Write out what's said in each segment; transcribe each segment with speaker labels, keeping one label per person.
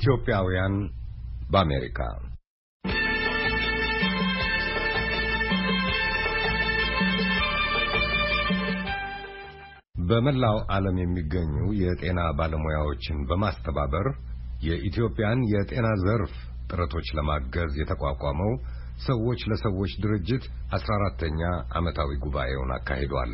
Speaker 1: ኢትዮጵያውያን በአሜሪካ በመላው ዓለም የሚገኙ የጤና ባለሙያዎችን በማስተባበር የኢትዮጵያን የጤና ዘርፍ ጥረቶች ለማገዝ የተቋቋመው ሰዎች ለሰዎች ድርጅት አስራ አራተኛ ዓመታዊ ጉባኤውን አካሂዷል።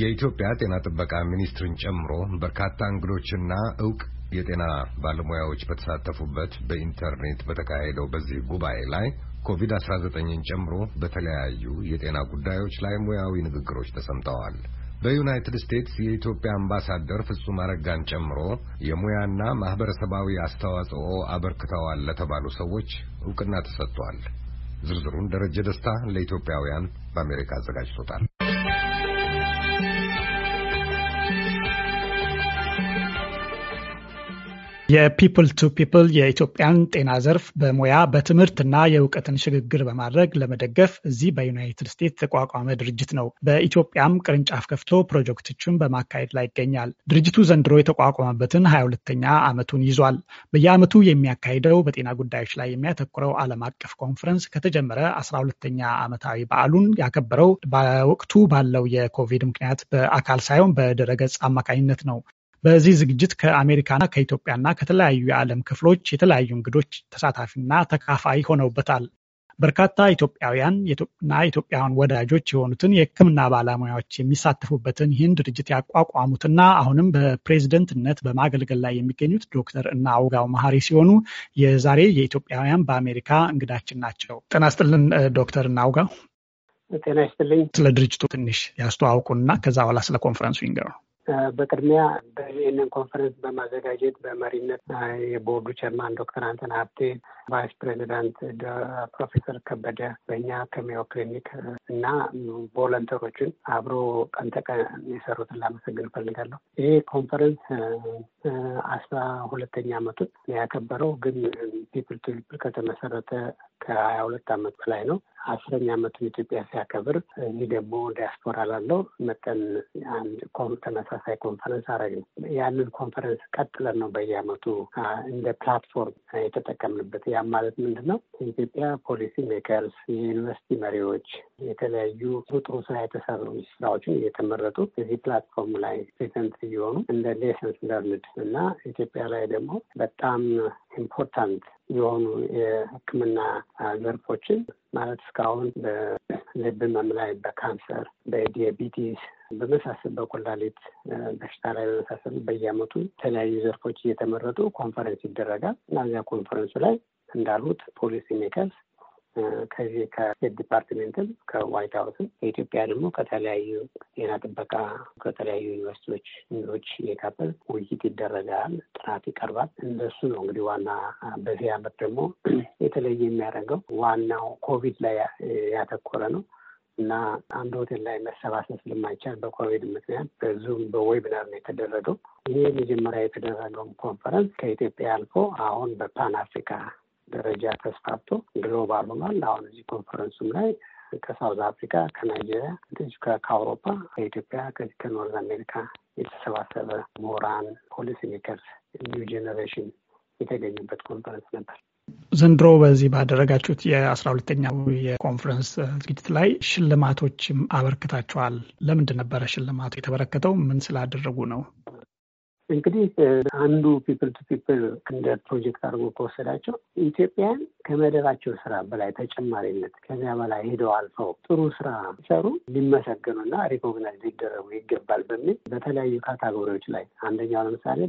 Speaker 1: የኢትዮጵያ ጤና ጥበቃ ሚኒስትርን ጨምሮ በርካታ እንግዶችና እውቅ የጤና ባለሙያዎች በተሳተፉበት በኢንተርኔት በተካሄደው በዚህ ጉባኤ ላይ ኮቪድ-19ን ጨምሮ በተለያዩ የጤና ጉዳዮች ላይ ሙያዊ ንግግሮች ተሰምተዋል። በዩናይትድ ስቴትስ የኢትዮጵያ አምባሳደር ፍጹም አረጋን ጨምሮ የሙያና ማህበረሰባዊ አስተዋጽኦ አበርክተዋል ለተባሉ ሰዎች እውቅና ተሰጥቷል። ዝርዝሩን ደረጀ ደስታ ለኢትዮጵያውያን በአሜሪካ አዘጋጅቶታል።
Speaker 2: የፒፕል ቱ ፒፕል የኢትዮጵያን ጤና ዘርፍ በሙያ በትምህርትና የእውቀትን ሽግግር በማድረግ ለመደገፍ እዚህ በዩናይትድ ስቴትስ የተቋቋመ ድርጅት ነው። በኢትዮጵያም ቅርንጫፍ ከፍቶ ፕሮጀክቶችን በማካሄድ ላይ ይገኛል። ድርጅቱ ዘንድሮ የተቋቋመበትን ሀያ ሁለተኛ ዓመቱን ይዟል። በየዓመቱ የሚያካሂደው በጤና ጉዳዮች ላይ የሚያተኩረው ዓለም አቀፍ ኮንፈረንስ ከተጀመረ አስራ ሁለተኛ ዓመታዊ በዓሉን ያከበረው በወቅቱ ባለው የኮቪድ ምክንያት በአካል ሳይሆን በድረገጽ አማካኝነት ነው። በዚህ ዝግጅት ከአሜሪካና ከኢትዮጵያና ከተለያዩ የዓለም ክፍሎች የተለያዩ እንግዶች ተሳታፊና ተካፋይ ሆነውበታል። በርካታ ኢትዮጵያውያንና ኢትዮጵያውያን ወዳጆች የሆኑትን የሕክምና ባለሙያዎች የሚሳተፉበትን ይህን ድርጅት ያቋቋሙትና አሁንም በፕሬዝደንትነት በማገልገል ላይ የሚገኙት ዶክተር እና አውጋው መሀሪ ሲሆኑ የዛሬ የኢትዮጵያውያን በአሜሪካ እንግዳችን ናቸው። ጤና ይስጥልን ዶክተር እና አውጋው። ጤና ይስጥልኝ። ስለ ድርጅቱ ትንሽ ያስተዋውቁንና ከዛ በኋላ ስለ ኮንፈረንሱ ይንገሩ።
Speaker 3: በቅድሚያ በዚህንን ኮንፈረንስ በማዘጋጀት በመሪነት የቦርዱ ቸርማን ዶክተር አንተን ሀብቴ፣ ቫይስ ፕሬዚዳንት ፕሮፌሰር ከበደ በእኛ ከሜዮ ክሊኒክ እና ቮለንተሮችን አብሮ ቀን ተቀን የሰሩትን ላመሰግን እፈልጋለሁ። ይሄ ኮንፈረንስ አስራ ሁለተኛ ዓመቱን ያከበረው ግን ፒፕል ቱ ፒፕል ከተመሰረተ ከሀያ ሁለት ዓመት በላይ ነው። አስረኛ አመቱን ኢትዮጵያ ሲያከብር እዚህ ደግሞ ዲያስፖራ ላለው መጠን አንድ ተመሳሳይ ኮንፈረንስ አረግ ያንን ኮንፈረንስ ቀጥለን ነው በየአመቱ እንደ ፕላትፎርም የተጠቀምንበት። ያም ማለት ምንድን ነው? የኢትዮጵያ ፖሊሲ ሜከርስ፣ የዩኒቨርሲቲ መሪዎች፣ የተለያዩ ጥሩ ስራ የተሰሩ ስራዎችን እየተመረጡ እዚህ ፕላትፎርም ላይ ፕሬዘንት እየሆኑ እንደ ሌሰንስ ለርንድ እና ኢትዮጵያ ላይ ደግሞ በጣም ኢምፖርታንት የሆኑ የሕክምና ዘርፎችን ማለት እስካሁን በልብ ህመም ላይ፣ በካንሰር፣ በዲያቢቲስ በመሳሰል በኩላሊት በሽታ ላይ በመሳሰል በየአመቱ የተለያዩ ዘርፎች እየተመረጡ ኮንፈረንስ ይደረጋል እና እዚያ ኮንፈረንሱ ላይ እንዳሉት ፖሊሲ ሜከርስ ከዚህ ከስቴት ዲፓርትሜንትም ከዋይት ሀውስም ከኢትዮጵያ ደግሞ ከተለያዩ ጤና ጥበቃ ከተለያዩ ዩኒቨርሲቲዎች ሚሮች እየካበል ውይይት ይደረጋል፣ ጥናት ይቀርባል። እንደሱ ነው እንግዲህ ዋና በዚህ አመት ደግሞ የተለየ የሚያደርገው ዋናው ኮቪድ ላይ ያተኮረ ነው እና አንድ ሆቴል ላይ መሰባሰብ ስለማይቻል በኮቪድ ምክንያት በዙም በዌብናር ነው የተደረገው። ይህ መጀመሪያ የተደረገውን ኮንፈረንስ ከኢትዮጵያ አልፎ አሁን በፓን አፍሪካ ደረጃ ተስፋፍቶ ግሎባል ሆኗል። አሁን እዚህ ኮንፈረንሱም ላይ ከሳውዝ አፍሪካ፣ ከናይጄሪያ፣ እንደዚሁ ከአውሮፓ፣ ከኢትዮጵያ፣ ከዚህ ከኖርዝ አሜሪካ የተሰባሰበ ምሁራን፣ ፖሊሲ ሜከርስ፣ ኒው ጄኔሬሽን የተገኙበት ኮንፈረንስ ነበር።
Speaker 2: ዘንድሮ በዚህ ባደረጋችሁት የአስራ ሁለተኛው የኮንፈረንስ ዝግጅት ላይ ሽልማቶችም አበርክታችኋል። ለምንድን ነበረ ሽልማቱ የተበረከተው? ምን ስላደረጉ ነው?
Speaker 3: እንግዲህ አንዱ ፒፕል ቱ ፒፕል እንደ ፕሮጀክት አድርጎ ከወሰዳቸው ኢትዮጵያን ከመደባቸው ስራ በላይ ተጨማሪነት ከዚያ በላይ ሄደው አልፈው ጥሩ ስራ ሰሩ ሊመሰገኑና ሪኮግናይዝ ሊደረጉ ይገባል በሚል በተለያዩ ካታጎሪዎች ላይ አንደኛው ለምሳሌ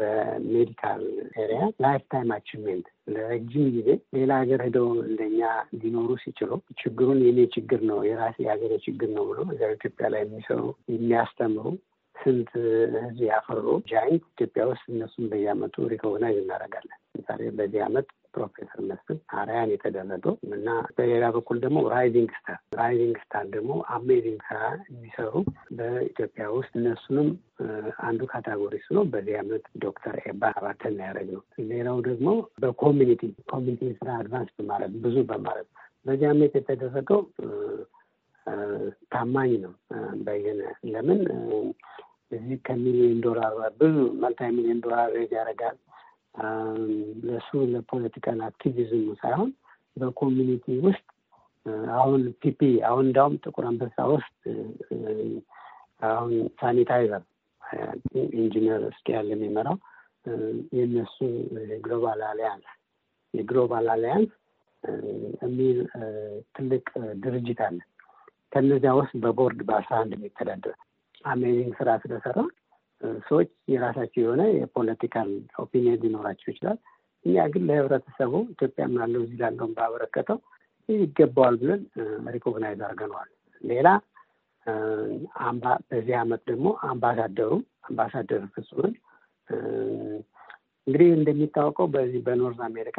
Speaker 3: በሜዲካል ኤሪያ ላይፍ ታይም አቺቭሜንት ለረጅም ጊዜ ሌላ ሀገር ሄደው እንደኛ ሊኖሩ ሲችሉ ችግሩን የኔ ችግር ነው የራሴ የሀገር ችግር ነው ብሎ እዚያ ኢትዮጵያ ላይ የሚሰሩ የሚያስተምሩ ስንት ህዝብ ያፈሩ ጃይንት ኢትዮጵያ ውስጥ እነሱም በየአመቱ ሪኮግናይዝ እናደርጋለን። ለምሳሌ በዚህ አመት ፕሮፌሰር መስፍን አርያን የተደረገው እና በሌላ በኩል ደግሞ ራይዚንግ ስታር ራይዚንግ ስታር ደግሞ አሜዚንግ ስራ የሚሰሩ በኢትዮጵያ ውስጥ እነሱንም አንዱ ካታጎሪ ስ ነው። በዚህ አመት ዶክተር ኤባ አባተ እናያደረግ ነው። ሌላው ደግሞ በኮሚኒቲ ኮሚኒቲ ስራ አድቫንስ በማድረግ ብዙ በማድረግ በዚህ አመት የተደረገው ታማኝ ነው በየነ። ለምን እዚህ ከሚሊዮን ዶላር ብዙ መልታ ሚሊዮን ዶላር ሬዝ ያደርጋል። ለሱ ለፖለቲካል አክቲቪዝም ሳይሆን በኮሚኒቲ ውስጥ አሁን ፒፒ አሁን እንዳውም ጥቁር አንበሳ ውስጥ አሁን ሳኒታይዘር ኢንጂነር እስኪ ያለ የሚመራው የእነሱ የግሎባል አሊያንስ የግሎባል አሊያንስ የሚል ትልቅ ድርጅት አለ። ከነዚያ ውስጥ በቦርድ በአስራ አንድ የሚተዳደር አሜዚንግ ስራ ስለሰራ ሰዎች የራሳቸው የሆነ የፖለቲካል ኦፒኒየን ሊኖራቸው ይችላል። እኛ ግን ለህብረተሰቡ ኢትዮጵያ ምናለው እዚህ ላለውን ባበረከተው ይገባዋል ብለን ሪኮግናይዝ አድርገነዋል። ሌላ አምባ በዚህ አመት ደግሞ አምባሳደሩ አምባሳደር ፍጹምን እንግዲህ እንደሚታወቀው በዚህ በኖርዝ አሜሪካ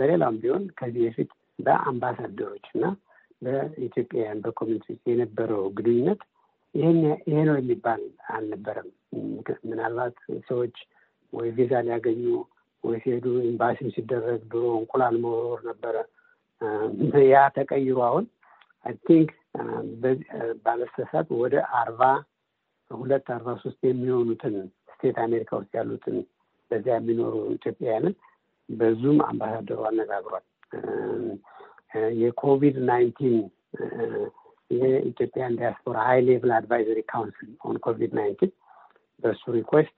Speaker 3: በሌላም ቢሆን ከዚህ በፊት በአምባሳደሮች እና በኢትዮጵያውያን በኮሚኒቲ የነበረው ግንኙነት ይሄ ነው የሚባል አልነበረም። ምናልባት ሰዎች ወይ ቪዛ ሊያገኙ ወይ ሲሄዱ ኤምባሲም ሲደረግ ድሮ እንቁላል መወርወር ነበረ። ያ ተቀይሮ አሁን አይ ቲንክ ባለስተሳት ወደ አርባ ሁለት አርባ ሶስት የሚሆኑትን ስቴት አሜሪካ ውስጥ ያሉትን በዚያ የሚኖሩ ኢትዮጵያውያንን በዙም አምባሳደሩ አነጋግሯል። የኮቪድ ናይንቲን የኢትዮጵያን ዲያስፖራ ሀይ ሌቭል አድቫይዘሪ ካውንስል ኦን ኮቪድ ናይንቲን በእሱ ሪኩዌስት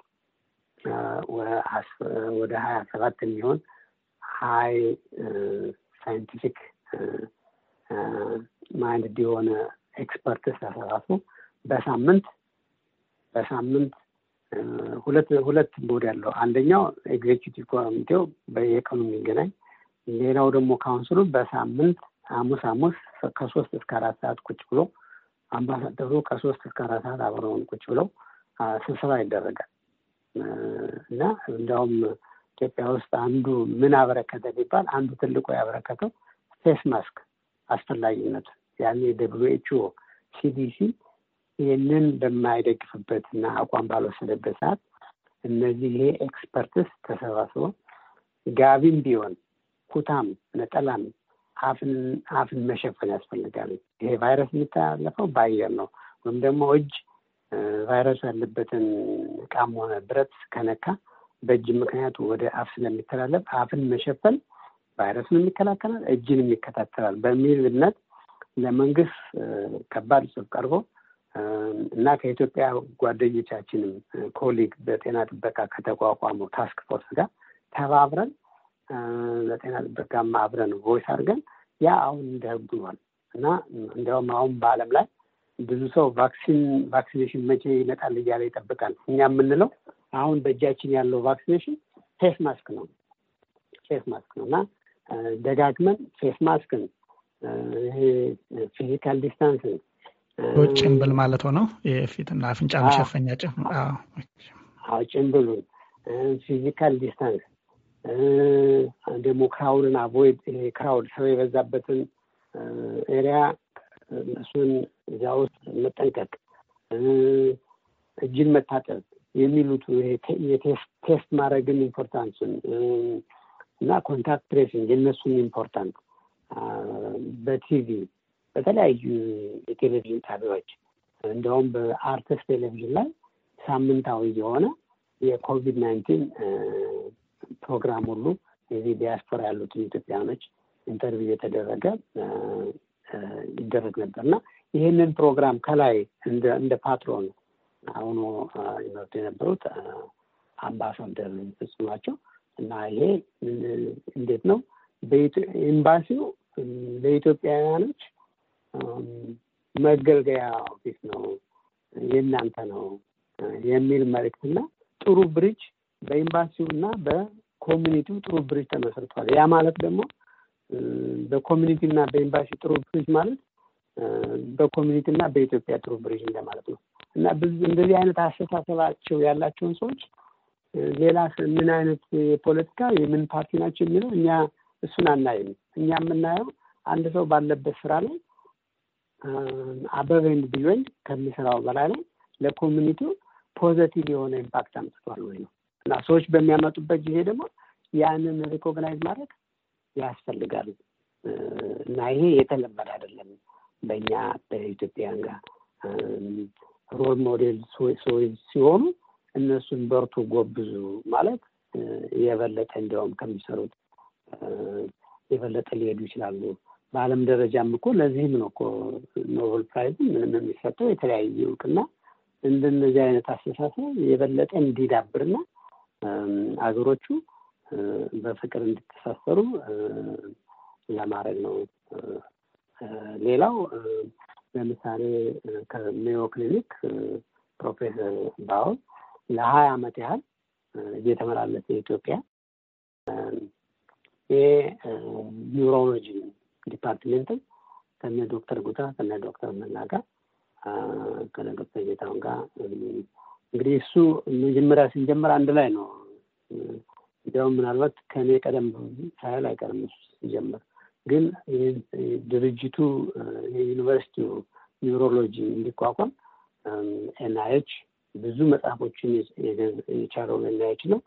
Speaker 3: ወደ ሀያ ሰባት የሚሆን ሀይ ሳይንቲፊክ ማይንድ የሆነ ኤክስፐርት ተሰባስቦ በሳምንት በሳምንት ሁለት ሁለት ቦድ ያለው አንደኛው ኤግዜኪቲቭ ኮሚቴው በየቀኑ የሚገናኝ ሌላው ደግሞ ካውንስሉ በሳምንት ሐሙስ ሐሙስ ከሶስት እስከ አራት ሰዓት ቁጭ ብሎ አምባሳደሩ ከሶስት እስከ አራት ሰዓት አብረውን ቁጭ ብለው ስብሰባ ይደረጋል እና እንዲያውም ኢትዮጵያ ውስጥ አንዱ ምን አበረከተ ቢባል አንዱ ትልቁ ያበረከተው ፌስ ማስክ አስፈላጊነቱ ያን ደብሊው ኤች ኦ ሲዲሲ ይህንን በማይደግፍበት እና አቋም ባልወሰደበት ሰዓት እነዚህ ይሄ ኤክስፐርትስ ተሰባስበው ጋቢም ቢሆን ኩታም ነጠላም አፍን አፍን መሸፈን ያስፈልጋል። ይሄ ቫይረስ የሚተላለፈው በአየር ነው ወይም ደግሞ እጅ ቫይረሱ ያለበትን እቃም ሆነ ብረት ከነካ በእጅ ምክንያቱ ወደ አፍ ስለሚተላለፍ አፍን መሸፈን ቫይረሱን የሚከላከላል፣ እጅን የሚከታተላል በሚል እምነት ለመንግስት ከባድ ጽሑፍ ቀርቦ እና ከኢትዮጵያ ጓደኞቻችንም ኮሊግ በጤና ጥበቃ ከተቋቋመው ታስክ ፎርስ ጋር ተባብረን ለጤና ጥበቃ አብረን ቮይስ አድርገን ያ አሁን እንደ ህጉ ይሆን እና እንዲያውም አሁን በዓለም ላይ ብዙ ሰው ቫክሲን ቫክሲኔሽን መቼ ይመጣል እያለ ይጠብቃል። እኛ የምንለው አሁን በእጃችን ያለው ቫክሲኔሽን ፌስ ማስክ ነው ፌስ ማስክ ነው እና ደጋግመን ፌስ ማስክን ይሄ ፊዚካል ዲስታንስን ጭንብል
Speaker 2: ማለት ሆነው የፊትና አፍንጫ መሸፈኛ ጭ
Speaker 3: ጭንብሉን ፊዚካል ዲስታንስ ደግሞ ክራውድን አቮይድ ይሄ ክራውድ ሰው የበዛበትን ኤሪያ እሱን እዚያ ውስጥ መጠንቀቅ፣ እጅን መታጠብ የሚሉት የቴስት ማድረግን ኢምፖርታንስን እና ኮንታክት ትሬሲንግ የነሱን ኢምፖርታንት በቲቪ በተለያዩ የቴሌቪዥን ጣቢያዎች እንደውም በአርትስ ቴሌቪዥን ላይ ሳምንታዊ የሆነ የኮቪድ ናይንቲን ፕሮግራም ሁሉ የዚህ ዲያስፖራ ያሉትን ኢትዮጵያኖች ኢንተርቪው የተደረገ ይደረግ ነበር እና ይህንን ፕሮግራም ከላይ እንደ ፓትሮን አሁኑ ይመርቱ የነበሩት አምባሳደር ፍጹም እና ይሄ እንዴት ነው ኤምባሲው ለኢትዮጵያውያኖች መገልገያ ኦፊስ ነው፣ የእናንተ ነው የሚል መልእክትና ጥሩ ብሪጅ በኤምባሲው እና ኮሚኒቲው ጥሩ ብሪጅ ተመስርቷል። ያ ማለት ደግሞ በኮሚኒቲ እና በኤምባሲ ጥሩ ብሪጅ ማለት በኮሚኒቲ እና በኢትዮጵያ ጥሩ ብሪጅ እንደማለት ነው እና እንደዚህ አይነት አስተሳሰባቸው ያላቸውን ሰዎች ሌላ ምን አይነት የፖለቲካ የምን ፓርቲ ናቸው የሚለው እኛ እሱን አናይም። እኛ የምናየው አንድ ሰው ባለበት ስራ ላይ አበበኝ ቢሎኝ ከሚሰራው በላይ ላይ ለኮሚኒቲው ፖዘቲቭ የሆነ ኢምፓክት አምጥቷል ወይ ነው። እና ሰዎች በሚያመጡበት ጊዜ ደግሞ ያንን ሪኮግናይዝ ማድረግ ያስፈልጋል እና ይሄ የተለመደ አይደለም በእኛ በኢትዮጵያን ጋር ሮል ሞዴል ሰዎች ሲሆኑ እነሱን በርቱ ጎብዙ ማለት የበለጠ እንዲያውም ከሚሰሩት የበለጠ ሊሄዱ ይችላሉ። በዓለም ደረጃም እኮ ለዚህም ነው እኮ ኖቤል ፕራይዝ ምንም የሚሰጠው የተለያየ እውቅና እንደነዚህ አይነት አስተሳሰብ የበለጠ እንዲዳብርና አገሮቹ በፍቅር እንዲተሳሰሩ ለማድረግ ነው። ሌላው ለምሳሌ ከሜዮ ክሊኒክ ፕሮፌሰር ባው ለሀያ ዓመት ያህል እየተመላለሰ ኢትዮጵያ የኒውሮሎጂ ዲፓርትሜንትን ከነ ዶክተር ጉታ ከነ ዶክተር መና ጋር ከነ ዶክተር ጌታሁን ጋር እንግዲህ እሱ መጀመሪያ ሲጀመር አንድ ላይ ነው። እንዲያውም ምናልባት ከእኔ ቀደም ሳያል አይቀርም እሱ ሲጀመር። ግን ድርጅቱ የዩኒቨርሲቲው ኒውሮሎጂ እንዲቋቋም ኤንአይች ብዙ መጽሐፎችን የቻለው ኤንአይች ነው።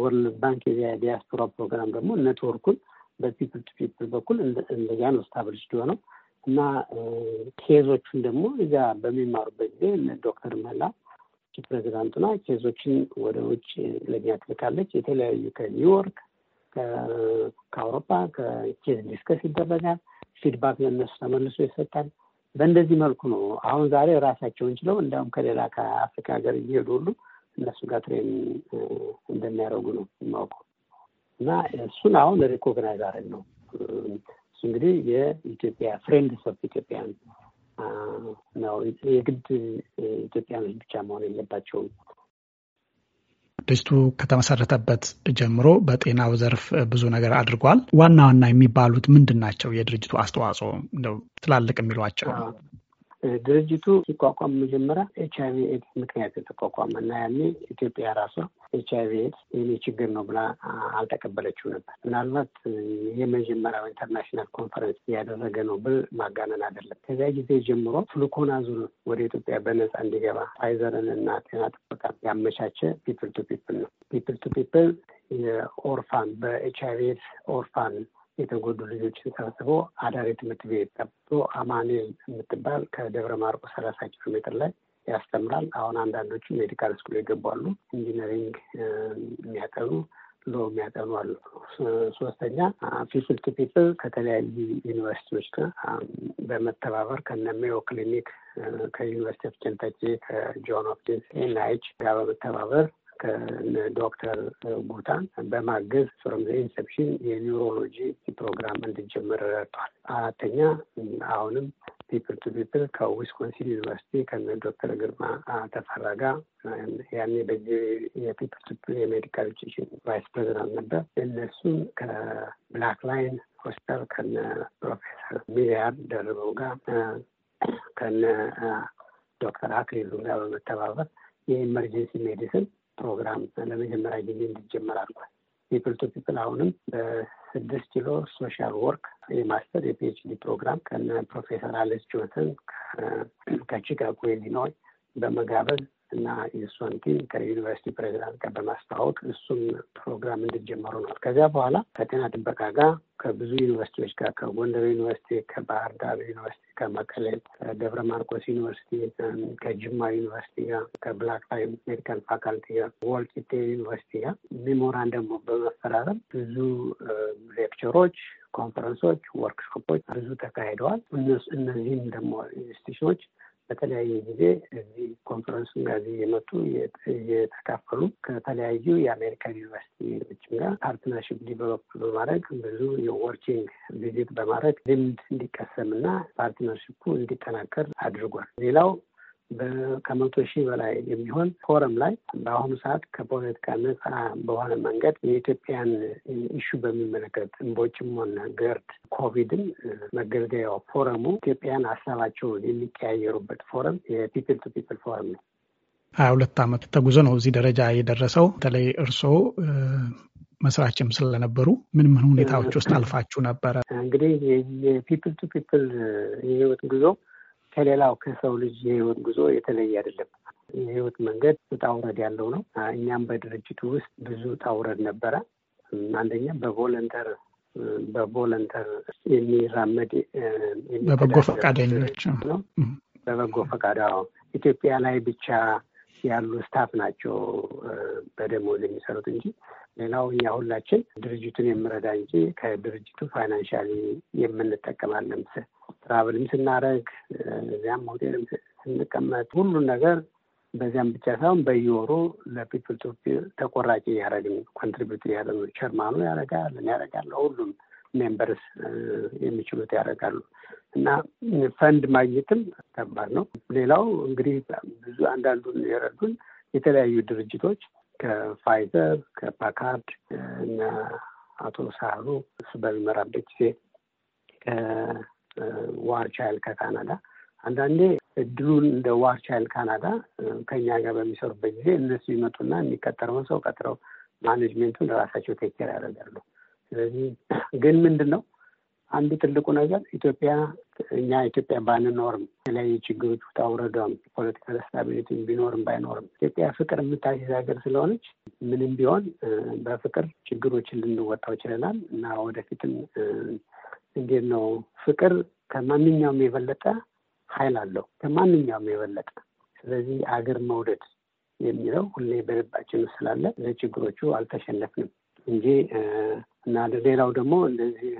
Speaker 3: ወርልድ ባንክ የዲያስፖራ ፕሮግራም ደግሞ ኔትወርኩን በፒፕል ቱ ፒፕል በኩል እንደዚያ ነው ስታብልሽ ሆነው እና ኬዞቹን ደግሞ እዚያ በሚማሩበት ጊዜ ዶክተር መላ ፕሬዚዳንት ና ኬዞችን ወደ ውጭ ለእኛ ትልካለች። የተለያዩ ከኒውዮርክ ከአውሮፓ ከኬዝ ዲስከስ ይደረጋል። ፊድባክ ለእነሱ ተመልሶ ይሰጣል። በእንደዚህ መልኩ ነው አሁን ዛሬ ራሳቸውን ችለው እንዲያውም ከሌላ ከአፍሪካ ሀገር እየሄዱ ሁሉ እነሱ ጋር ትሬን እንደሚያደርጉ ነው የማውቀው እና እሱን አሁን ሪኮግናይዝ አረግ ነው እሱ እንግዲህ የኢትዮጵያ ፍሬንድስ ኦፍ ኢትዮጵያ ነው። የግድ ኢትዮጵያኖች ብቻ መሆን የለባቸውም።
Speaker 2: ድርጅቱ ከተመሰረተበት ጀምሮ በጤናው ዘርፍ ብዙ ነገር አድርጓል። ዋና ዋና የሚባሉት ምንድን ናቸው? የድርጅቱ አስተዋጽኦ ትላልቅ የሚሏቸው
Speaker 3: ድርጅቱ ሲቋቋም መጀመሪያ ኤች አይቪ ኤድስ ምክንያት የተቋቋመ እና ያኔ ኢትዮጵያ ራሷ ኤች አይቪ ኤድስ የኔ ችግር ነው ብላ አልተቀበለችው ነበር። ምናልባት የመጀመሪያው ኢንተርናሽናል ኮንፈረንስ ያደረገ ነው ብል ማጋነን አይደለም። ከዚያ ጊዜ ጀምሮ ፍሉኮናዙል ወደ ኢትዮጵያ በነጻ እንዲገባ ፋይዘርን እና ጤና ጥበቃ ያመቻቸ ፒፕል ቱ ፒፕል ነው። ፒፕል ቱ ፒፕል የኦርፋን በኤች አይቪ ኤድስ ኦርፋን የተጎዱ ልጆችን ሰብስቦ አዳሪ ትምህርት ቤት ጠብቶ አማኔ የምትባል ከደብረ ማርቆስ ሰላሳ ኪሎ ሜትር ላይ ያስተምራል። አሁን አንዳንዶቹ ሜዲካል ስኩል ይገባሉ። ኢንጂነሪንግ የሚያጠኑ ሎ የሚያጠኑ አሉ። ሶስተኛ ፒፕል ቱ ፒፕል ከተለያዩ ዩኒቨርሲቲዎች ጋር በመተባበር ከነሜዮ ክሊኒክ ከዩኒቨርሲቲ ኦፍ ኬንታኪ ከጆን ሆፕኪንስ ኤንአይች ጋር በመተባበር ከዶክተር ጉታን በማገዝ ፍሮም ዘ ኢንሰፕሽን የኒውሮሎጂ ፕሮግራም እንድጀምር ረድቷል። አራተኛ አሁንም ፒፕል ቱ ፒፕል ከዊስኮንሲን ዩኒቨርሲቲ ከነ ዶክተር ግርማ ተፈራጋ ያኔ በዚህ የፒፕል ቱ ፒፕል የሜዲካል ኤጁኬሽን ቫይስ ፕሬዚዳንት ነበር። እነሱም ከብላክ ላይን ሆስፒታል ከነ ፕሮፌሰር ሚሊያርድ ደርበው ጋር ከነ ዶክተር አክሊሉ ጋር በመተባበር የኢመርጀንሲ ሜዲሲን ፕሮግራም ለመጀመሪያ ጊዜ እንዲጀመር አድርጓል። ፒፕል ቱ ፒፕል አሁንም በስድስት ኪሎ ሶሻል ወርክ የማስተር የፒኤችዲ ፕሮግራም ከነ ፕሮፌሰር አለስ ጆተን ከቺካጎ ኢሊኖይ በመጋበዝ እና የእሷን ከዩኒቨርሲቲ ፕሬዚዳንት ጋር በማስተዋወቅ እሱም ፕሮግራም እንዲጀመሩ ነው። ከዚያ በኋላ ከጤና ጥበቃ ጋር ከብዙ ዩኒቨርሲቲዎች ጋር ከጎንደር ዩኒቨርሲቲ፣ ከባህር ዳር ዩኒቨርሲቲ ከመቀሌ ከደብረ ማርቆስ ዩኒቨርሲቲ፣ ከጅማ ዩኒቨርሲቲ ጋር ከብላክ ታይም ሜዲካል ፋካልቲ ጋር ወልቂጤ ዩኒቨርሲቲ ጋር ሚሞራን ደግሞ በመፈራረም ብዙ ሌክቸሮች ኮንፈረንሶች፣ ወርክሾፖች ብዙ ተካሂደዋል። እነዚህም ደግሞ ኢንስቲቱሽኖች በተለያየ ጊዜ እዚህ ኮንፈረንሱ እዚህ የመጡ እየተካፈሉ ከተለያዩ የአሜሪካን ዩኒቨርሲቲ ዩኒቨርሲቲዎችም ጋር ፓርትነርሽፕ ዲቨሎፕ በማድረግ ብዙ የወርኪንግ ቪዚት በማድረግ ልምድ እንዲቀሰም እንዲቀሰምና ፓርትነርሽፑ እንዲጠናከር አድርጓል። ሌላው ከመቶ ሺህ በላይ የሚሆን ፎረም ላይ በአሁኑ ሰዓት ከፖለቲካ ነፃ በሆነ መንገድ የኢትዮጵያን ኢሹ በሚመለከት እንቦጭም ሆነ ገርድ ኮቪድን መገልገያው ፎረሙ ኢትዮጵያን ሀሳባቸውን የሚቀያየሩበት ፎረም የፒፕል ቱ ፒፕል ፎረም ነው።
Speaker 2: ሀያ ሁለት ዓመት ተጉዞ ነው እዚህ ደረጃ የደረሰው። በተለይ እርስዎ መስራችም ስለነበሩ ምን ምን ሁኔታዎች ውስጥ አልፋችሁ ነበረ?
Speaker 3: እንግዲህ የፒፕል ቱ ፒፕል የህይወት ጉዞ ከሌላው ከሰው ልጅ የህይወት ጉዞ የተለየ አይደለም። የህይወት መንገድ ውጣ ውረድ ያለው ነው። እኛም በድርጅቱ ውስጥ ብዙ ውጣ ውረድ ነበረ። አንደኛ በቮለንተር በቮለንተር የሚራመድ በበጎ ፈቃደኞች ነው። በበጎ ፈቃድ ኢትዮጵያ ላይ ብቻ ያሉ ስታፍ ናቸው በደሞዝ የሚሰሩት እንጂ ሌላው እኛ ሁላችን ድርጅቱን የምረዳ እንጂ ከድርጅቱ ፋይናንሻሊ የምንጠቀማለን። ትራብልም ስናደርግ እዚያም ሆቴልም ስንቀመጥ ሁሉን ነገር በዚያም ብቻ ሳይሆን በየወሩ ለፒፕል ቱ ተቆራጭ እያደረግን ኮንትሪቢዩት እያደረግን ቸርማኑ ያደርጋል፣ እኔ ሁሉም ሜምበርስ የሚችሉት ያደርጋሉ እና ፈንድ ማግኘትም ከባድ ነው። ሌላው እንግዲህ ብዙ አንዳንዱን የረዱን የተለያዩ ድርጅቶች ከፋይዘር ከፓካርድ እና አቶ ሳህሉ በሚመራበት ጊዜ ከዋር ቻይልድ ከካናዳ አንዳንዴ እድሉን እንደ ዋር ቻይልድ ካናዳ ከኛ ጋር በሚሰሩበት ጊዜ እነሱ ይመጡና የሚቀጠረውን ሰው ቀጥረው ማኔጅመንቱን ራሳቸው ቴክ ኬር ያደርጋሉ። ስለዚህ ግን ምንድን ነው አንዱ ትልቁ ነገር ኢትዮጵያ እኛ ኢትዮጵያ ባንኖርም የተለያዩ ችግሮች ውጣ ውረዷም ፖለቲካል ስታቢሊቲ ቢኖርም ባይኖርም ኢትዮጵያ ፍቅር የምታሲዝ ሀገር ስለሆነች ምንም ቢሆን በፍቅር ችግሮችን ልንወጣው ችለናል እና ወደፊትም እንዴት ነው ፍቅር ከማንኛውም የበለጠ ኃይል አለው ከማንኛውም የበለጠ። ስለዚህ አገር መውደድ የሚለው ሁሌ በልባችን ስላለ ለችግሮቹ አልተሸነፍንም እንጂ እና ሌላው ደግሞ እንደዚህ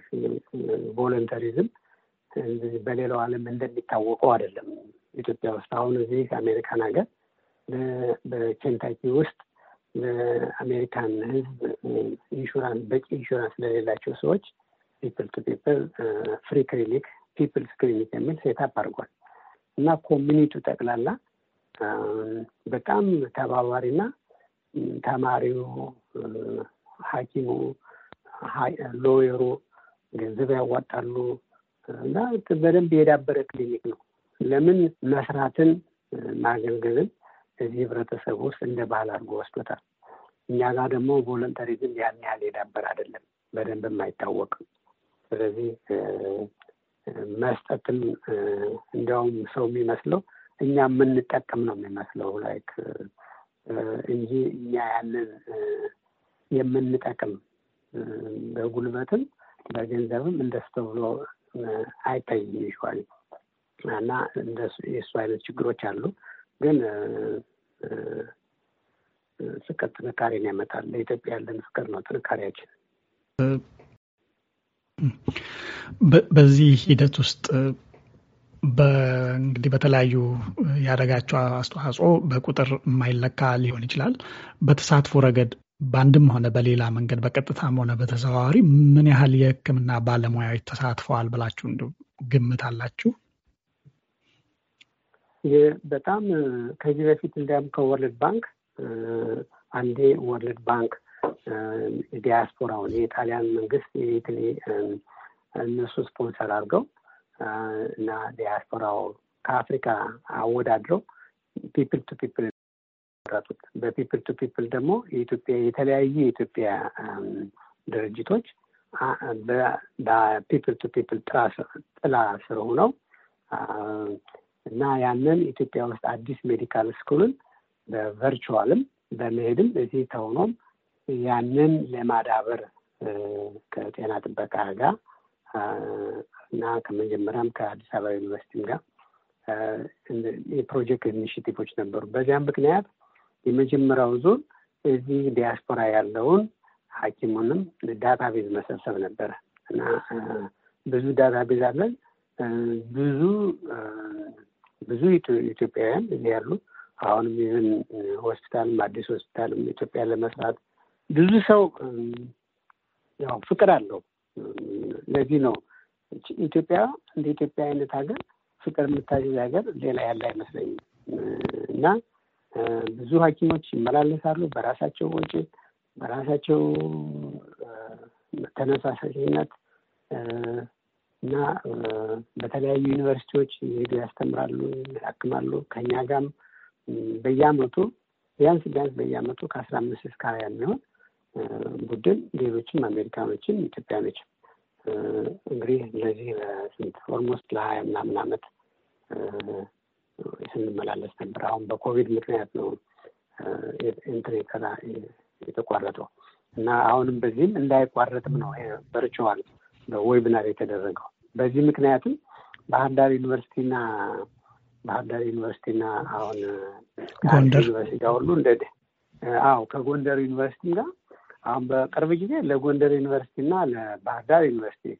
Speaker 3: ቮለንተሪዝም በሌላው ዓለም እንደሚታወቀው አይደለም። ኢትዮጵያ ውስጥ አሁን እዚህ አሜሪካን ሀገር በኬንታኪ ውስጥ ለአሜሪካን ሕዝብ ኢንሹራንስ በቂ ኢንሹራንስ ለሌላቸው ሰዎች ፒፕል ቱ ፒፕል ፍሪ ክሊኒክ ፒፕልስ ክሊኒክ የሚል ሴታፕ አድርጓል እና ኮሚኒቲው ጠቅላላ በጣም ተባባሪና ተማሪው፣ ሐኪሙ፣ ሎየሩ ገንዘብ ያዋጣሉ እና በደንብ የዳበረ ክሊኒክ ነው። ለምን መስራትን ማገልገልን እዚህ ህብረተሰብ ውስጥ እንደ ባህል አድርጎ ወስዶታል። እኛ ጋር ደግሞ ቮለንተሪዝም ያን ያህል የዳበረ አይደለም፣ በደንብ አይታወቅም ስለዚህ መስጠትም እንዲያውም ሰው የሚመስለው እኛ የምንጠቅም ነው የሚመስለው ላይክ እንጂ እኛ ያንን የምንጠቅም በጉልበትም በገንዘብም እንደሱ ተብሎ አይታይም ይል እና የእሱ አይነት ችግሮች አሉ። ግን ፍቅር ጥንካሬን ያመጣል። ለኢትዮጵያ ያለን
Speaker 2: ፍቅር ነው ጥንካሬያችን። በዚህ ሂደት ውስጥ እንግዲህ በተለያዩ ያደረጋቸው አስተዋጽኦ በቁጥር የማይለካ ሊሆን ይችላል። በተሳትፎ ረገድ በአንድም ሆነ በሌላ መንገድ በቀጥታም ሆነ በተዘዋዋሪ ምን ያህል የሕክምና ባለሙያዎች ተሳትፈዋል ብላችሁ እንደው ግምት አላችሁ?
Speaker 3: ይህ በጣም ከዚህ በፊት እንዲያም ከወርልድ ባንክ አንዴ ወርልድ ባንክ ዲያስፖራውን የኢጣሊያን መንግስት የኢትሊ እነሱ ስፖንሰር አድርገው እና ዲያስፖራው ከአፍሪካ አወዳድረው ፒፕል ቱ ፒፕል መረጡት። በፒፕል ቱ ፒፕል ደግሞ የኢትዮጵያ የተለያዩ የኢትዮጵያ ድርጅቶች በፒፕል ቱ ፒፕል ጥላ ስር ሆነው እና ያንን ኢትዮጵያ ውስጥ አዲስ ሜዲካል ስኩልን በቨርቹዋልም በመሄድም እዚህ ተሆኖም ያንን ለማዳበር ከጤና ጥበቃ ጋር እና ከመጀመሪያም ከአዲስ አበባ ዩኒቨርሲቲም ጋር የፕሮጀክት ኢኒሽቲቮች ነበሩ። በዚያም ምክንያት የመጀመሪያው ዙር እዚህ ዲያስፖራ ያለውን ሐኪሙንም ዳታቤዝ መሰብሰብ ነበረ እና ብዙ ዳታቤዝ አለን። ብዙ ብዙ ኢትዮጵያውያን እዚህ ያሉ አሁንም ይህን ሆስፒታልም አዲስ ሆስፒታልም ኢትዮጵያ ለመስራት ብዙ ሰው ያው ፍቅር አለው። ለዚህ ነው ኢትዮጵያ እንደ ኢትዮጵያ አይነት ሀገር ፍቅር የምታገኝ ሀገር ሌላ ያለ አይመስለኝም እና ብዙ ሐኪሞች ይመላለሳሉ በራሳቸው ወጪ በራሳቸው ተነሳሳሽነት እና በተለያዩ ዩኒቨርሲቲዎች ይሄዱ ያስተምራሉ፣ ያክማሉ። ከኛ ጋም በየአመቱ ቢያንስ ቢያንስ በየአመቱ ከአስራ አምስት እስከ ሀያ የሚሆን ቡድን ሌሎችም አሜሪካኖችም ኢትዮጵያኖች እንግዲህ ለዚህ ለስንት ኦልሞስት ለሀያ ምናምን አመት ስንመላለስ ነበር። አሁን በኮቪድ ምክንያት ነው እንትን የተቋረጠው እና አሁንም በዚህም እንዳይቋረጥም ነው በርቸዋል በዌቢናር የተደረገው። በዚህ ምክንያትም ባህር ዳር ዩኒቨርሲቲና ባህር ዳር ዩኒቨርሲቲና አሁን ጎንደር ዩኒቨርሲቲ ጋር ሁሉ እንደ አዎ ከጎንደር ዩኒቨርሲቲ ጋር አሁን በቅርብ ጊዜ ለጎንደር ዩኒቨርሲቲ ለባህር ለባህርዳር ዩኒቨርሲቲ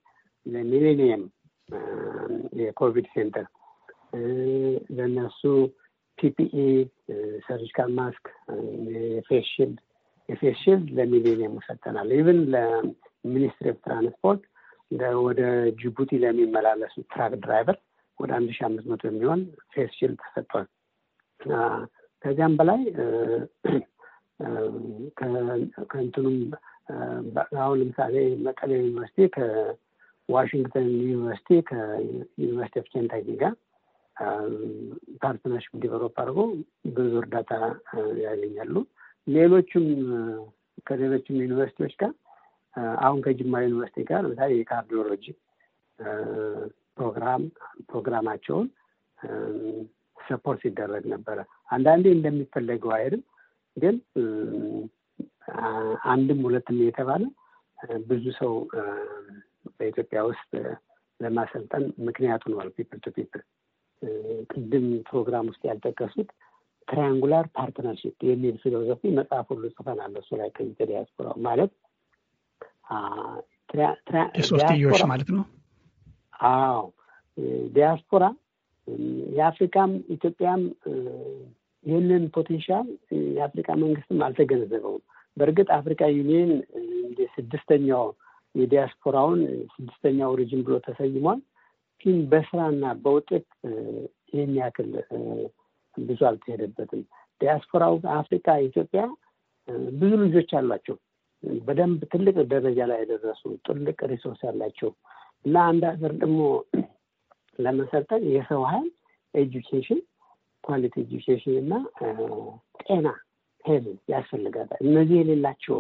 Speaker 3: ለሚሌኒየም የኮቪድ ሴንተር ለእነሱ ፒፒኢ ሰርጂካል ማስክ፣ የፌስ ሺልድ የፌስ ሺልድ ለሚሊኒየሙ ለሚኒስትሪ ኦፍ ትራንስፖርት ወደ ጅቡቲ ለሚመላለሱ ትራክ ድራይቨር ወደ አንድ ሺ አምስት መቶ የሚሆን ፌስ ሺልድ ተሰጥቷል። ከዚያም በላይ ከእንትኑም አሁን ለምሳሌ መቀሌ ዩኒቨርሲቲ ከዋሽንግተን ዩኒቨርሲቲ ከዩኒቨርሲቲ ኦፍ ኬንታኪ ጋር ፓርትነርሽፕ ዲቨሎፕ አድርጎ ብዙ እርዳታ ያገኛሉ። ሌሎቹም ከሌሎችም ዩኒቨርሲቲዎች ጋር አሁን ከጅማ ዩኒቨርሲቲ ጋር ለምሳሌ የካርዲዮሎጂ ፕሮግራም ፕሮግራማቸውን ሰፖርት ሲደረግ ነበረ። አንዳንዴ እንደሚፈለገው አይሄድም፣ ግን አንድም ሁለትም የተባለ ብዙ ሰው በኢትዮጵያ ውስጥ ለማሰልጠን ምክንያቱ ነዋል ፒፕል ቱ ፒፕል ቅድም ፕሮግራም ውስጥ ያልጠቀሱት ትራያንጉላር ፓርትነርሽፕ የሚል ፊሎዞፊ መጽሐፍ ሁሉ ጽፈናል። እሱ ላይ ከዚህ ዲያስፖራ ማለት የሶስትዮሽ ማለት ነው። አዎ ዲያስፖራ የአፍሪካም ኢትዮጵያም ይህንን ፖቴንሻል የአፍሪካ መንግስትም አልተገነዘበውም። በእርግጥ አፍሪካ ዩኒየን ስድስተኛው የዲያስፖራውን ስድስተኛው ሪጅን ብሎ ተሰይሟል። ግን በስራና በውጤት ይህን ያክል ብዙ አልተሄደበትም። ዲያስፖራው አፍሪካ፣ ኢትዮጵያ ብዙ ልጆች አሏቸው በደንብ ትልቅ ደረጃ ላይ የደረሱ ትልቅ ሪሶርስ ያላቸው እና አንድ ሀገር ደግሞ ለመሰልጠን የሰው ኃይል ኤጁኬሽን፣ ኳሊቲ ኤጁኬሽን እና ጤና ሄል ያስፈልጋታል። እነዚህ የሌላቸው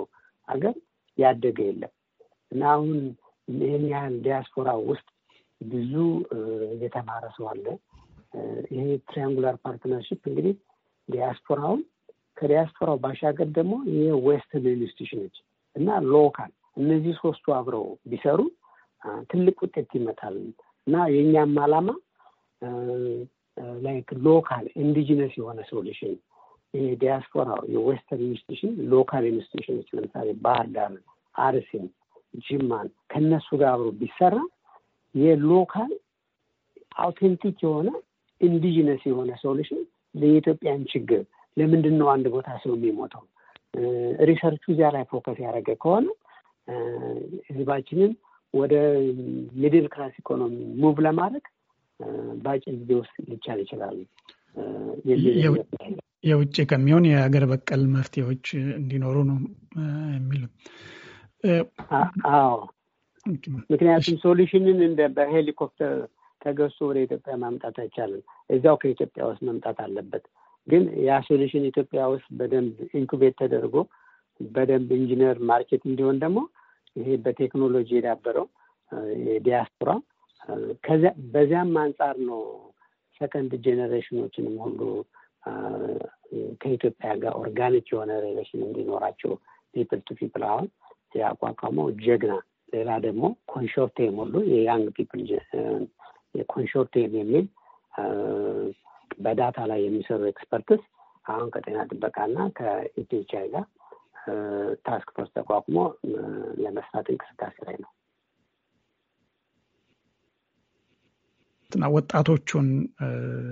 Speaker 3: ሀገር ያደገ የለም እና አሁን ይህን ያህል ዲያስፖራ ውስጥ ብዙ የተማረ ሰው አለ። ይሄ ትሪያንጉላር ፓርትነርሽፕ እንግዲህ ዲያስፖራውን ከዲያስፖራው ባሻገር ደግሞ ይሄ ዌስተርን እና ሎካል እነዚህ ሶስቱ አብረው ቢሰሩ ትልቅ ውጤት ይመጣል እና የእኛም ዓላማ ላይክ ሎካል ኢንዲጂነስ የሆነ ሶሉሽን ይሄ ዲያስፖራው የዌስተርን ኢንስቲቱሽን ሎካል ኢንስቲቱሽኖች ለምሳሌ ባህር ዳር፣ አርሲን፣ ጅማን ከእነሱ ጋር አብሮ ቢሰራ የሎካል አውቴንቲክ የሆነ ኢንዲጂነስ የሆነ ሶሉሽን ለኢትዮጵያን ችግር ለምንድን ነው አንድ ቦታ ሰው የሚሞተው? ሪሰርቹ እዚያ ላይ ፎከስ ያደረገ ከሆነ ህዝባችንን ወደ ሚድል ክላስ ኢኮኖሚ ሙቭ ለማድረግ በአጭር ጊዜ ውስጥ ሊቻል ይችላል።
Speaker 2: የውጭ ከሚሆን የሀገር በቀል መፍትሄዎች እንዲኖሩ ነው የሚሉት።
Speaker 3: አዎ ምክንያቱም ሶሉሽንን እንደ በሄሊኮፕተር ተገዝቶ ወደ ኢትዮጵያ ማምጣት አይቻልም። እዚያው ከኢትዮጵያ ውስጥ መምጣት አለበት። ግን ያ ሶሉሽን ኢትዮጵያ ውስጥ በደንብ ኢንኩቤት ተደርጎ በደንብ ኢንጂነር ማርኬት እንዲሆን ደግሞ ይሄ በቴክኖሎጂ የዳበረው የዲያስፖራ በዚያም አንጻር ነው ሰከንድ ጄኔሬሽኖችንም ሁሉ ከኢትዮጵያ ጋር ኦርጋኒክ የሆነ ሬሌሽን እንዲኖራቸው ፒፕል ቱ ፒፕል አሁን ያቋቋመው ጀግና ሌላ ደግሞ ኮንሾርቴም ሁሉ የያንግ ፒፕል የኮንሾርቴም የሚል በዳታ ላይ የሚሰሩ ኤክስፐርትስ አሁን ከጤና ጥበቃና ከኢፒኤችአይ ጋር ታስክ ፎርስ ተቋቁሞ
Speaker 2: ለመስራት እንቅስቃሴ ላይ ነው። ወጣቶቹን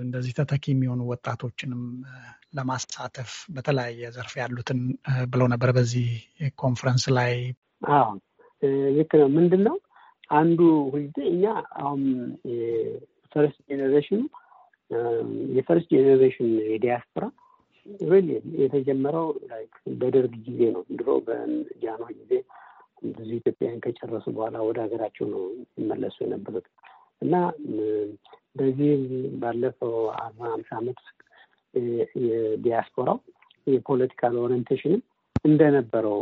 Speaker 2: እንደዚህ ተተኪ የሚሆኑ ወጣቶችንም ለማሳተፍ በተለያየ ዘርፍ ያሉትን ብለው ነበር በዚህ ኮንፈረንስ ላይ።
Speaker 3: አዎ ልክ ነው። ምንድን ነው አንዱ ሁልጊዜ እኛ አሁን ፈርስት ጄኔሬሽኑ የፈርስት ጄኔሬሽን የዲያስፖራ ሪል የተጀመረው በደርግ ጊዜ ነው። ድሮ በጃኗ ጊዜ ብዙ ኢትዮጵያውያን ከጨረሱ በኋላ ወደ ሀገራቸው ነው ይመለሱ የነበሩት እና በዚህ ባለፈው አርባ ሀምሳ ዓመት የዲያስፖራው የፖለቲካል ኦሪንቴሽንም እንደነበረው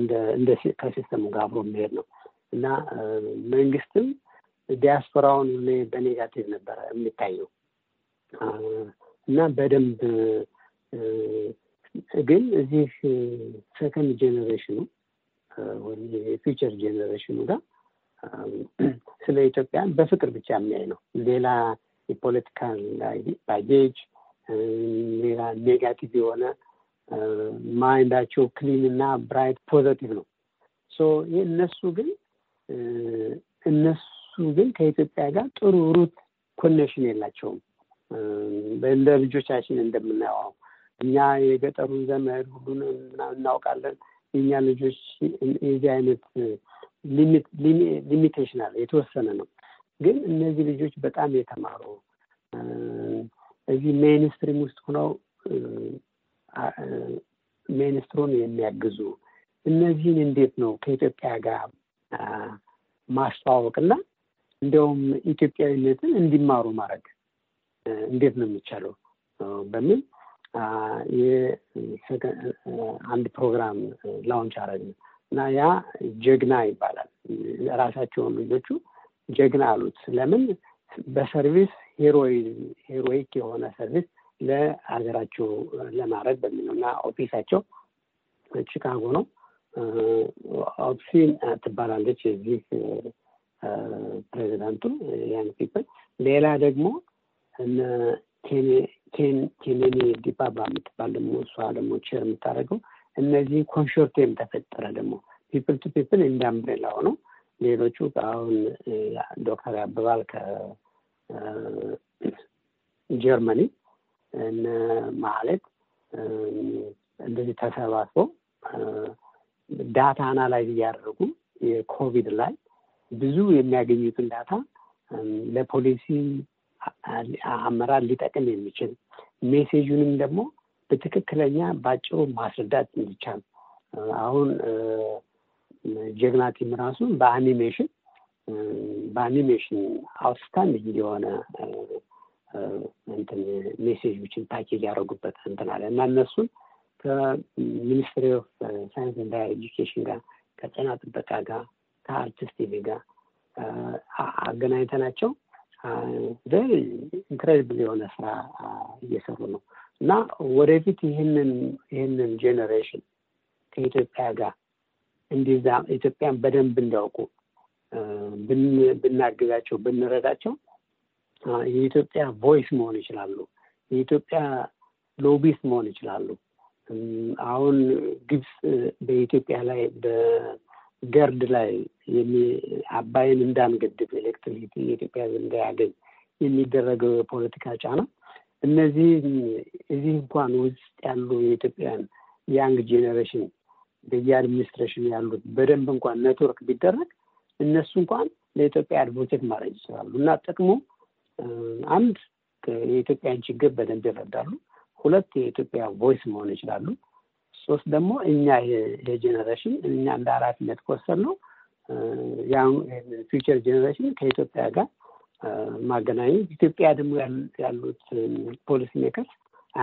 Speaker 3: እንደ ከሲስተሙ ጋር አብሮ መሄድ ነው እና መንግስትም ዲያስፖራውን በኔጋቲቭ ነበረ የሚታየው እና በደንብ ግን እዚህ ሰከንድ ጄኔሬሽኑ ወይ ጄኔሬሽኑ ጋር ስለ ኢትዮጵያ በፍቅር ብቻ የሚያይ ነው። ሌላ የፖለቲካ ባጌጅ፣ ሌላ ኔጋቲቭ የሆነ ማይንዳቸው ክሊን እና ብራይት ፖዘቲቭ ነው። እነሱ ግን እነሱ ግን ከኢትዮጵያ ጋር ጥሩ ሩት ኮኔክሽን የላቸውም። እንደ ልጆቻችን እንደምናየው እኛ የገጠሩን ዘመድ ሁሉን እናውቃለን። የኛ ልጆች የዚህ አይነት ሊሚቴሽን አለ፣ የተወሰነ ነው። ግን እነዚህ ልጆች በጣም የተማሩ እዚህ ሜይንስትሪም ውስጥ ሆነው ሚኒስትሩን የሚያግዙ እነዚህን እንዴት ነው ከኢትዮጵያ ጋር ማስተዋወቅና እንዲያውም ኢትዮጵያዊነትን እንዲማሩ ማድረግ እንዴት ነው የሚቻለው በሚል አንድ ፕሮግራም ላውንች አረግ እና ያ ጀግና ይባላል። ራሳቸውን ልጆቹ ጀግና አሉት። ለምን በሰርቪስ ሄሮይክ የሆነ ሰርቪስ ለሀገራቸው ለማድረግ በሚል ነው እና ኦፊሳቸው ቺካጎ ነው። ኦፕሲን ትባላለች የዚህ ፕሬዚዳንቱ ያን ሲበል ሌላ ደግሞ ኬኔኒ ዲባባ የምትባል ደግሞ እሷ ደግሞ ቼር የምታደርገው እነዚህ ኮንሾርቲየም ተፈጠረ። ደግሞ ፒፕል ቱ ፒፕል እንደ አምብሬላ ሆነው ሌሎቹ አሁን ዶክተር ያበባል ከጀርመኒ እነ ማለት እንደዚህ ተሰባስበው ዳታ አናላይዝ እያደረጉ የኮቪድ ላይ ብዙ የሚያገኙትን ዳታ ለፖሊሲ አመራር ሊጠቅም የሚችል ሜሴጁንም ደግሞ በትክክለኛ ባጭሩ ማስረዳት እንዲቻል አሁን ጀግና ቲም ራሱ በአኒሜሽን በአኒሜሽን አውትስታንዲንግ የሆነ ሜሴጆችን ፓኬጅ ያደረጉበት እንትን አለ እና እነሱን ከሚኒስትሪ ኦፍ ሳይንስ ኤንድ ኤጁኬሽን ጋር ከጤና ጥበቃ ጋር ከአርቲስት ጋር አገናኝተናቸው ቬሪ ኢንክሬዲብል የሆነ ስራ እየሰሩ ነው እና ወደፊት ይህንን ይህንን ጄኔሬሽን ከኢትዮጵያ ጋር እንዲዛ ኢትዮጵያን በደንብ እንዲያውቁ ብናግዛቸው ብንረዳቸው የኢትዮጵያ ቮይስ መሆን ይችላሉ። የኢትዮጵያ ሎቢስት መሆን ይችላሉ። አሁን ግብፅ በኢትዮጵያ ላይ በገርድ ላይ አባይን እንዳንገድብ ኤሌክትሪክ የኢትዮጵያ ያገኝ የሚደረገው የፖለቲካ ጫና እነዚህ እዚህ እንኳን ውስጥ ያሉ የኢትዮጵያን ያንግ ጄኔሬሽን በየአድሚኒስትሬሽን ያሉት በደንብ እንኳን ኔትወርክ ቢደረግ እነሱ እንኳን ለኢትዮጵያ አድቮኬት ማድረግ ይችላሉ እና ጥቅሙ አንድ የኢትዮጵያን ችግር በደንብ ይረዳሉ። ሁለት የኢትዮጵያ ቮይስ መሆን ይችላሉ። ሶስት ደግሞ እኛ የጄኔሬሽን እኛ እንደ ኃላፊነት ከወሰድ ነው ፊውቸር ጀኔሬሽን ከኢትዮጵያ ጋር ማገናኘት ኢትዮጵያ ደግሞ ያሉት ፖሊሲ ሜከርስ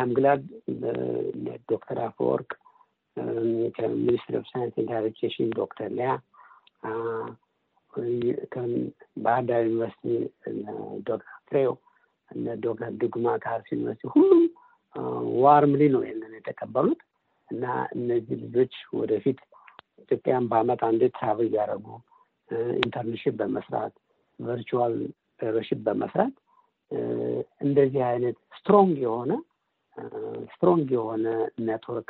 Speaker 3: አምግላድ ዶክተር አፈወርቅ ከሚኒስትሪ ኦፍ ሳይንስ ኤንድ ሃየር ዶክተር ሊያ ባህርዳር ዩኒቨርሲቲ ዶክተር ፍሬው እነ ዶክተር ዱግማ ከአርሲ ዩኒቨርሲቲ ሁሉም ዋርምሊ ነው ይህንን የተቀበሉት እና እነዚህ ልጆች ወደፊት ኢትዮጵያን በአመት አንዴ ትራቭል እያደረጉ ኢንተርንሽፕ በመስራት ቨርቹዋል ፌሎሺፕ በመስራት እንደዚህ አይነት ስትሮንግ የሆነ ስትሮንግ የሆነ ኔትወርክ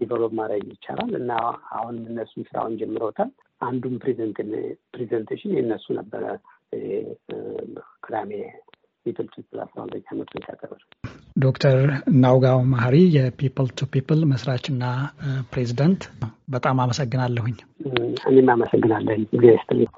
Speaker 3: ዲቨሎፕ ማድረግ ይቻላል እና አሁን እነሱም ስራውን ጀምረውታል። አንዱም ፕሬዘንቴሽን የእነሱ ነበረ ቅዳሜ ቱ ፒፕል የድርጅት ፕላትፎርም ላይ ትምህርቱን ሲያቀርብ
Speaker 2: ዶክተር ናውጋው መሀሪ የፒፕል ቱ ፒፕል መስራችና ፕሬዚደንት፣ በጣም አመሰግናለሁኝ።
Speaker 3: እኔም አመሰግናለሁ። ጊዜ ስትልኝ